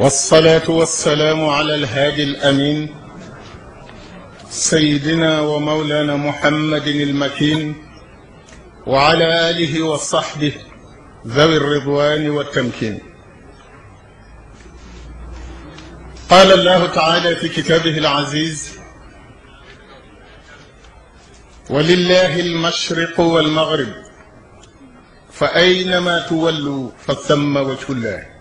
والصلاة والسلام على الهادي الأمين سيدنا ومولانا محمد المكين وعلى آله وصحبه ذوي الرضوان والتمكين قال الله تعالى في كتابه العزيز ولله المشرق والمغرب فأينما تولوا فثم وجه الله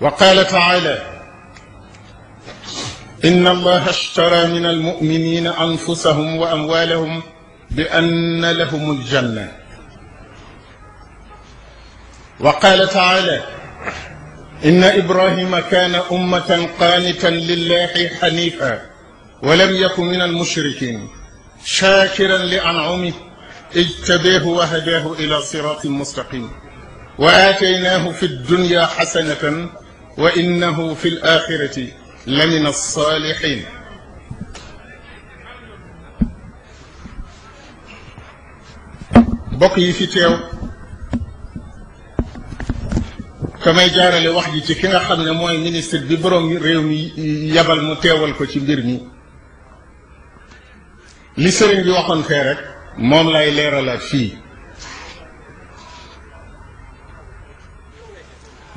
وقال تعالى إن الله اشترى من المؤمنين أنفسهم وأموالهم بأن لهم الجنة وقال تعالى إن إبراهيم كان أمة قانتا لله حنيفا ولم يكن من المشركين شاكرا لأنعمه اجتباه وهداه إلى صراط مستقيم وآتيناه في الدنيا حسنة wa innahu fi l-aaxirati la min as bokk yi fi teew kamay jaarale wax ji ci ki nga xam ne mooy ministre bi boroom réew mi yabal mu teewal ko ci mbir mi li sëriñ bi waxoon rek moom lay leeralaat fii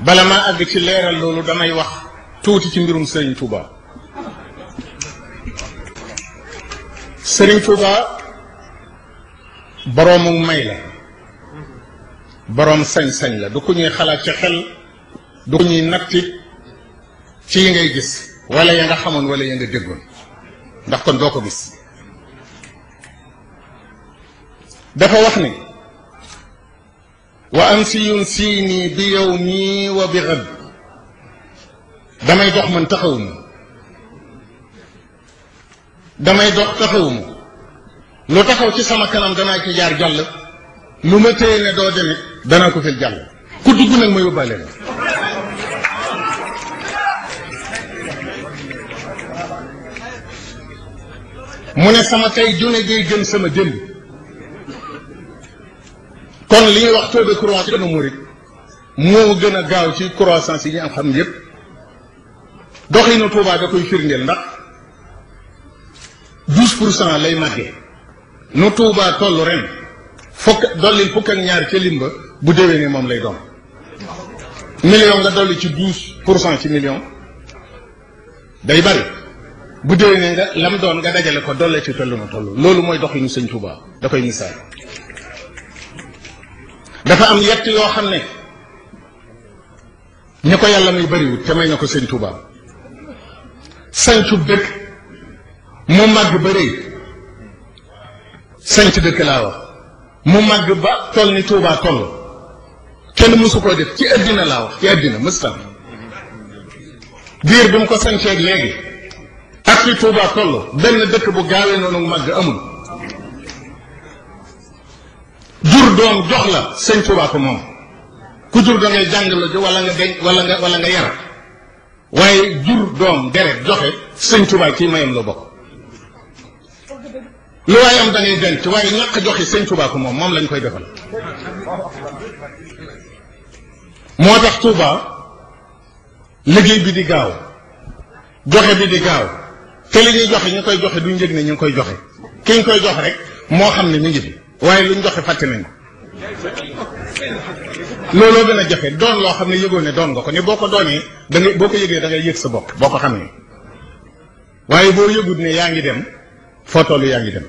bala maa àgg ci leeral loolu damay wax tuuti ci mbirum Serigne Touba sëriñ Touba boroomu may la boroom sañ-sañ la du ko ñuy xalaat ci xel du ko ñuy natti ci yi ngay gis walla ya nga xamoon wala ya nga déggoon ndax kon doo ko gis dafa wax ni wa ansiyun siini bi yow mii wa bi xad damay dox man taxawuma damay dox taxawuma lu taxaw ci sama kanam danaa ki jaar jàll lu ma téye ne doo demit danaa ko fil jàll ku dugg nag ma yóbbaale la mu ne sama tey june jay gën sama démb kon li ñuy wax taux de croissance ci murit moo gën a gaaw ci croissance yi ñu am xam yépp doxinu Touba da koy firndeel ndax douze pour cent lay màggee nu Touba toll ren fukk dolli fukk ak ñaar ca limba bu déwénee moom lay doon million nga dolli ci douze pour cent ci million day bari bu déwénee nga lam doon nga dajale ko dolli ci tollu ma toll loolu mooy doxinu Sëñ Touba da koy misaal dafa am yett yoo xam ne ñu ko yàlla muy bëriwut te may na ko sëñ Tuubaa sancu dëkk mu màgg ba rëy sanc dëkk laa wax mu màgg ba toll ni Tuubaa toll kenn mësu koo def ci àddina laa wax ci àddina mësta diir bi mu ko sancee léegi ak fi Tuubaa toll benn dëkk bu gaawee noonu màgg amul doom jox la sëñ Tuubaa ko moom ku jur da ngay jàng la wala nga denc wala yar waaye jur doom deret joxe sëñ Tuubaa ci mayam bokk lu waaye da ngay denc waaye ñàkk joxe sëñ Tuubaa ko moom moom lañ koy defal moo tax Tuubaa liggéey bi di gaaw joxe bi di gaaw te li ñuy joxe ñu koy joxe duñ yëg ne ñu ngi koy joxe ki ñu koy jox rek moo xam ne mi ngi fi waaye luñ joxe fàtte nañ ko looloo gën a jafe doon loo xam ne yëgoon ne doon nga ko ne boo ko doonee da boo ko yëgee da ngay yëg sa bopp boo ko xam ne waaye boo yëgut ne yaa ngi dem foo toll yaa ngi dem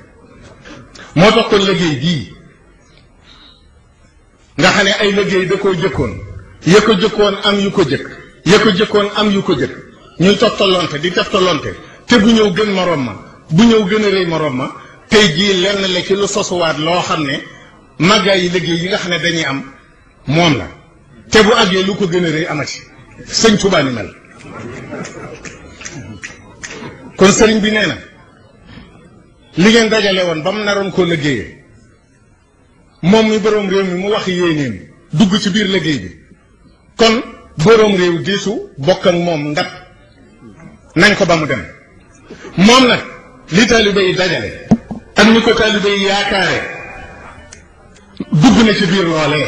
moo tax kon liggéey bii nga xam ne ay liggéey da koo jëkkoon ya ko jëkkoon am yu ko jëkk ya ko jëkkoon am yu ko jëkk ñuy toftalonte di toftalonte te bu ñëw gën moroom ma bu ñëw gën a rëy moroom ma tey jii lenn la ci lu sosuwaat loo xam ne màggaa yi liggéey yi nga xam ne dañuy am moom la te bu àggee lu ko gën a rëy amati sëñ Tuubaa mel kon sëriñ bi nee na li ngeen dajale woon ba mu naroon koo liggéeyee moom mi boroom réew mi mu wax yéenéem dugg ci biir liggéey bi kon boroom réew diisu bokk moom ndab nañ ko ba mu dem moom nag li taalibe yi dajale ak ni ko taalibe yi yaakaare dugg na ci biir loolee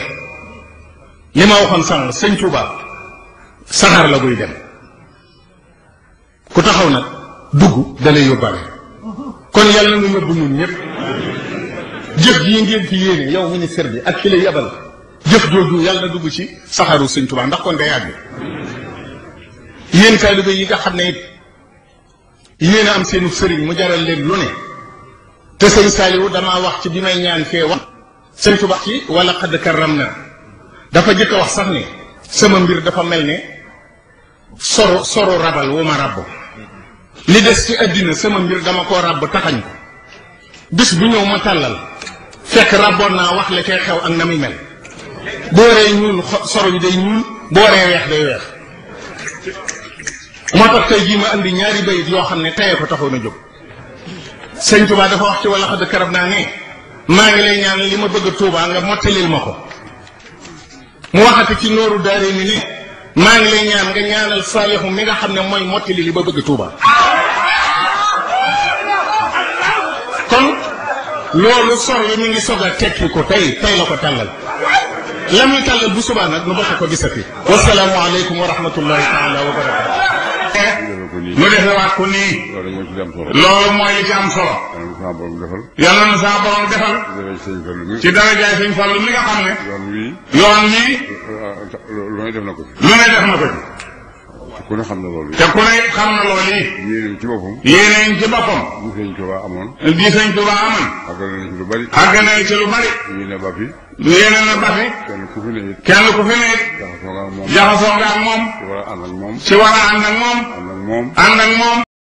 li ma waxoon sànq sëñ Tuuba saxaar la buy dem ku taxaw nag dugg dalay yóbbaale kon yàlla na yóbbu ñun ñëpp jëf jii ngeen fi yéene yow ministère bi ak ki la yabal jëf jooju yàlla na dugg ci saxaaru sëñ Tuuba ndax kon day àgg yéen taalibe yi nga xam ne it yéen am seenu sëriñ mu jaral leen lu ne te sëñ Saaliwu damaa wax ci bi may ñaan fee wax sëñ Tuba ci wala xadd karram na dafa jëkk wax sax ni sama mbir dafa mel ne soro soro rabal wu ma ràbb li des ci àddina sama mbir dama ko ràbb taxañ ko bis bu ñëw ma tàllal fekk ràbboon naa wax la cay xew ak na muy mel boo ree ñuul soro bi day ñuul boo ree weex day weex moo tax tey jii ma andi ñaari bayit yoo xam ne teye ko taxoon a jóg sëñ Tuba dafa wax ci wala xadd karram naa ne maa ngi lay ñaan li ma bëgg tuubaa nga mottalil ma ko mu waxati ci nooru daare ni ne maa ngi lay ñaan nga ñaanal Saalixu mi nga xam ne mooy mottali li ma bëgg Touba kon loolu sor yi mi ngi soog a tekki ko tey tey la ko tàllal la muy tàllal bu subaa nu bokk ko gisati wasalaamu aleykum wa rahmatullahi taala wa barakaatu mu defe waat ko nii loolu mooy li solo sama borom defal. yal na nu sama borom defal. ci darajaay sëñ Fallu mi nga xam ne. yoon wi yoon wi. lu ne def na ko ci. lu ne def na ko ci. te ku ne xam na loolu yi. te ku ne xam na loolu yi. yéeneen ci boppam. yéeneen ci boppam. di sëñ Tuba amoon. di sëñ Tuba amoon. àgg nañ ci lu bari. àgg nañ ci lu bari. yéen a ba fi. yéen a ba fi. kenn ku fi ne it. kenn ku fi ne it. jaxasoo nga ak moom. jaxasoo nga ak moom. ci war a ànd ak moom. ci war a ànd ak moom. ànd ak moom. ànd ak moom.